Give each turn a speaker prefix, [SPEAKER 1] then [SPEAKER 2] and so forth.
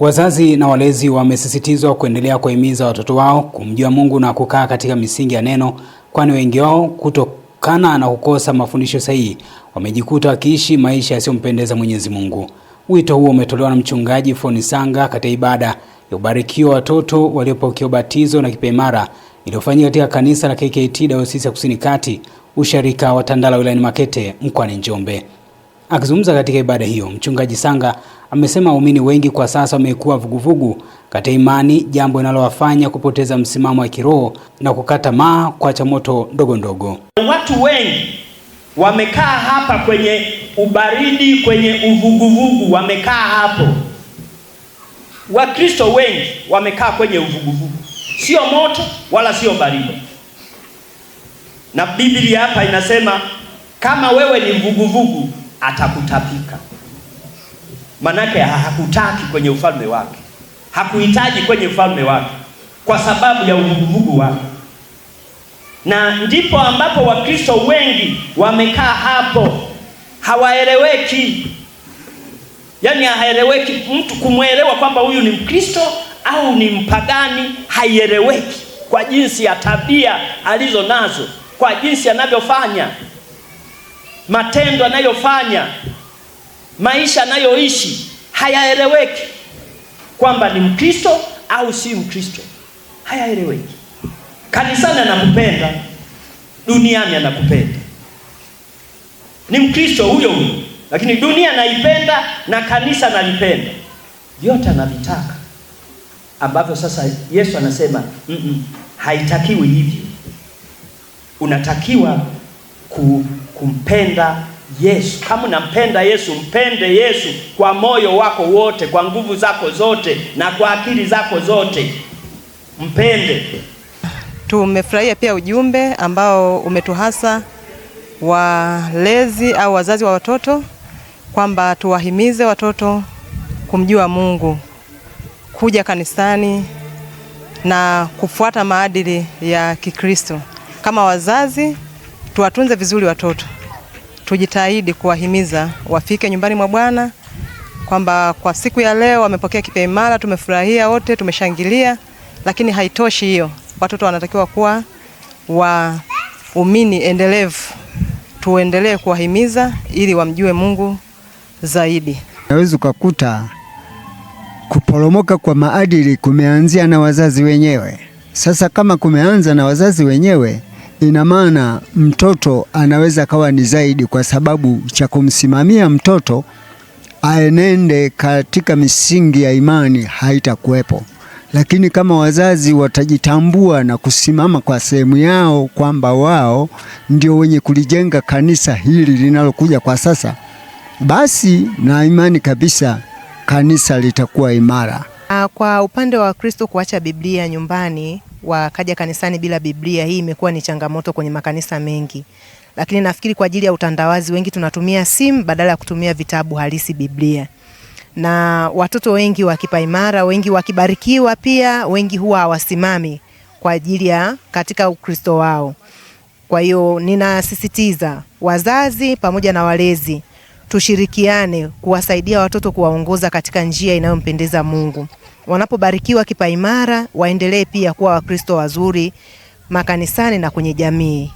[SPEAKER 1] Wazazi na walezi wamesisitizwa kuendelea kuwahimiza watoto wao kumjua Mungu na kukaa katika misingi ya neno, kwani wengi wao kutokana na kukosa mafundisho sahihi wamejikuta wakiishi maisha yasiyompendeza Mwenyezi Mungu. Wito huo umetolewa na Mchungaji Fonisanga katika ibada ya ubarikiwa watoto waliopokea ubatizo na kipaimara iliyofanyika katika kanisa la KKT Dayosisi ya Kusini Kati, usharika wa Tandala wilayani Makete mkoani Njombe. Akizungumza katika ibada hiyo, Mchungaji Sanga amesema waumini wengi kwa sasa wamekuwa vuguvugu katika imani, jambo linalowafanya kupoteza msimamo wa kiroho na kukata tamaa kwa moto ndogo ndogo.
[SPEAKER 2] Watu wengi wamekaa hapa kwenye ubaridi, kwenye uvuguvugu, wamekaa hapo. Wakristo wengi wamekaa kwenye uvuguvugu, sio moto wala sio baridi, na Biblia hapa inasema kama wewe ni vuguvugu atakutapika. Manake hakutaki kwenye ufalme wake, hakuhitaji kwenye ufalme wake kwa sababu ya uvuguvugu wake, na ndipo ambapo Wakristo wengi wamekaa hapo, hawaeleweki. Yaani haeleweki, mtu kumwelewa kwamba huyu ni Mkristo au ni mpagani haieleweki, kwa jinsi ya tabia alizo nazo, kwa jinsi anavyofanya matendo anayofanya, maisha anayoishi hayaeleweki, kwamba ni Mkristo au si Mkristo, hayaeleweki. Kanisani anakupenda, duniani anakupenda. Ni Mkristo huyo huyo, lakini dunia naipenda na kanisa analipenda, vyote anavitaka, ambavyo sasa Yesu anasema mm -mm, haitakiwi hivyo, unatakiwa ku kumpenda Yesu. Kama unampenda Yesu, mpende Yesu kwa moyo wako wote, kwa nguvu zako zote na kwa akili zako zote, mpende.
[SPEAKER 3] Tumefurahia pia ujumbe ambao umetuhasa walezi au wazazi wa watoto kwamba tuwahimize watoto kumjua Mungu, kuja kanisani na kufuata maadili ya Kikristo. Kama wazazi tuwatunze vizuri watoto, tujitahidi kuwahimiza wafike nyumbani mwa Bwana kwamba kwa siku ya leo wamepokea kipaimara, tumefurahia wote, tumeshangilia, lakini haitoshi hiyo. Watoto wanatakiwa kuwa waumini endelevu, tuendelee kuwahimiza ili wamjue Mungu zaidi.
[SPEAKER 4] Naweza ukakuta kuporomoka kwa maadili kumeanzia na wazazi wenyewe. Sasa kama kumeanza na wazazi wenyewe ina maana mtoto anaweza kawa ni zaidi, kwa sababu cha kumsimamia mtoto aenende katika misingi ya imani haitakuwepo. Lakini kama wazazi watajitambua na kusimama kwa sehemu yao kwamba wao ndio wenye kulijenga kanisa hili linalokuja kwa sasa, basi na imani kabisa kanisa litakuwa imara.
[SPEAKER 5] Ah, kwa upande wa Wakristo kuacha Biblia nyumbani wakaja kanisani bila Biblia, hii imekuwa ni changamoto kwenye makanisa mengi, lakini nafikiri kwa ajili ya utandawazi wengi tunatumia simu badala ya kutumia vitabu halisi Biblia, na watoto wengi wakipaimara, wengi wakibarikiwa, pia wengi huwa hawasimami kwa ajili ya katika Ukristo wao. Kwa hiyo ninasisitiza wazazi pamoja na walezi tushirikiane kuwasaidia watoto kuwaongoza katika njia inayompendeza Mungu. Wanapobarikiwa kipaimara, waendelee pia kuwa Wakristo wazuri makanisani na kwenye jamii.